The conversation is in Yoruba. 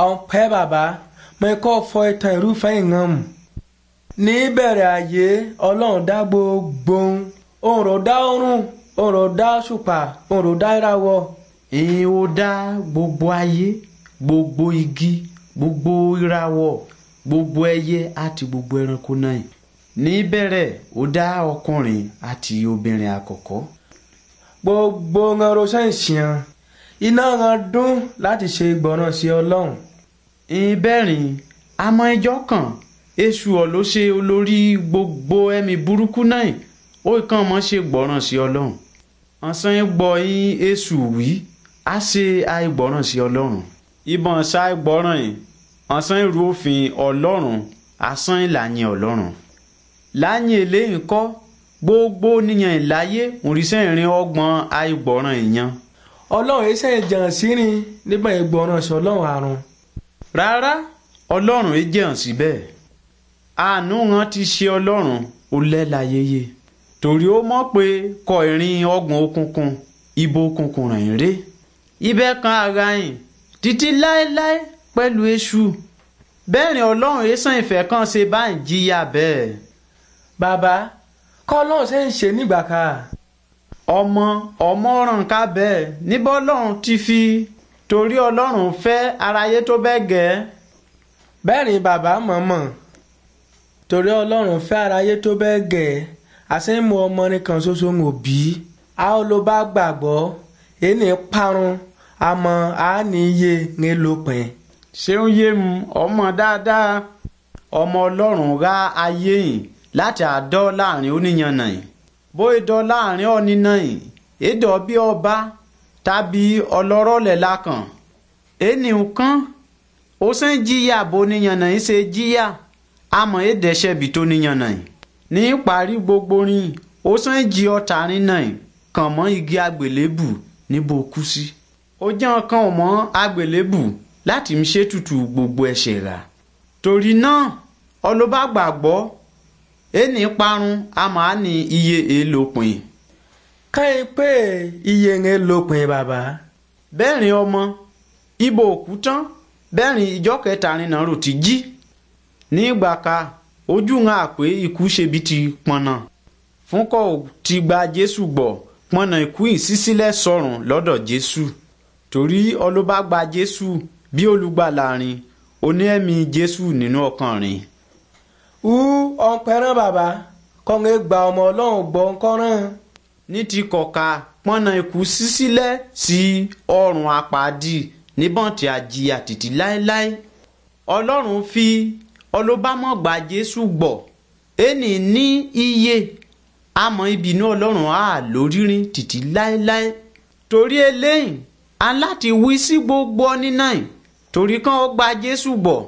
àwọn pẹ́ bàbá mo kọ́ fọ ìtàn ìrúfẹ́ ìran mu. ní ìbẹ̀rẹ̀ ayé ọlọ́run dá gbogbo òun rò dá ọ̀run òun rò dá ṣùpà òun rò dá ìràwọ̀. èyí ó dá gbogbo ayé gbogbo igi gbogbo ìràwọ̀ gbogbo ẹyẹ àti gbogbo ẹranko náà ní ìbẹ̀rẹ̀ ó dá ọkùnrin àti obìnrin àkọ́kọ́. gbogbo ọ̀rọ̀ ṣẹ́yìn ṣìyàn iná ran dún láti ṣe gbọ́ràn sí ọlọ́run. ìbẹ́rìn àmọ́ ẹjọ́ kan èṣù ọ̀ ló ṣe olórí gbogbo ẹ̀mí burúkú náà ó kàn mọ́ ṣe gbọ́ràn sí ọlọ́run. ọ̀sán gbọ́ yín èṣù wí á ṣe àìgbọ́ràn sí ọlọ́run. ìbọn ṣàìgbọ́ràn yìí ọ̀sán ìrú òfin ọlọ́run asán ìlànà ọlọ́run. láyìn eléyìí kọ́ gbogbo níyàn ìláyé òrìṣẹ́ ìrìn ọgbọ̀n àìgbọ́ràn èèyàn ọlọ́run ẹsẹ̀ ìjàn sírin nígbà yẹn gbọ́ ọ̀ràn ọlọ́run àrùn. rárá ọlọ́run ẹ jẹ̀hàn síbẹ̀ àánú wọn ti ṣe ọlọ́run ó lẹ́la torí ó mọ̀ pé kọ ìrìn ọgbọ̀n òkùnkùn ibo òkùnkùn ràn rè ibẹ̀ kan ara yìn títí láéláé pẹ̀lú èṣù bẹ́ẹ̀ ni ọlọ́run ẹsẹ̀ ìfẹ́ kan ṣe bá ń bẹ́ẹ̀. bàbá kọ́ ọlọ́run ṣe ń ṣe nígbà kan ọmọ ọmọràn kábẹ́ níbọ̀ ọlọ́run ti fi torí ọlọ́run fẹ́ aráyé tó bẹ́ẹ̀ gẹ́. bẹ́ẹ̀ ni bàbá mọ̀mọ́ torí ọlọ́run fẹ́ aráyé tó bẹ́ẹ̀ gẹ́ àṣẹ́mu ọmọ nìkan ṣoṣo ń òbí a ó ló bá gbàgbọ́ ẹni parun àmọ́ a ní iye ní lópin. ṣéun yé mu ọmọ dáadáa ọmọ ọlọ́run rá ayé yìí láti àádọ́ láàrin oníyànnà yìí bó idọ láàrin ọ̀ni náà èdò bí ọba tàbí ọlọ́rọ̀ lẹ̀ lákàn ènìyàn kan ó sẹ́ ń jìyà bó níyàn náà ṣe jìyà àmọ́ èdè ṣẹ̀bi tó níyàn náà ní ìparí gbogbo rin ó sẹ́ ń jí ọ̀tá rin náà kàn mọ́ igi àgbélébù níbo kú sí. ó jẹ́ ọkàn mọ́ àgbélébù láti ṣètùtù gbogbo ẹ̀ṣẹ̀ rà torí náà ọlọ́ba gbàgbọ́ ẹni parun a máa ní iye èlòpin. káyì pé iye yẹn lópin bàbá. bẹ́ẹ̀rin ọmọ ibo òkú tán bẹ́ẹ̀rin ìjọ kẹtàrin náà rò ti jí. nígbà ka ojú hàn pé ikú ṣebi ti pọnà fúnkọ́ ti gba jésù gbọ́ pọnà ikú ìsísílẹ̀ sọ̀rùn lọ́dọ̀ jésù torí ọlọ́ba gba jésù bí olùgbàlà rìn oní ẹ̀mí jésù nínú ọkàn rìn ú ọ̀npẹ̀rán bàbá kọ́ńgé gba ọmọ ọlọ́run gbọ́ ńkọ́rán. ní ti kọ̀ka pọ́nà ikú sísílẹ̀ sí ọrùn apàdì níbọn tí a jìyà títí láéláé ọlọ́run fi ọlọ́bámọ́gbà jésù gbọ́ ẹnì ní iye àmọ́ ìbínú ọlọ́run á lórírin títí láéláé torí eléyìí aláti wí sí gbogbo ọní náà torí kan ó gba jésù gbọ́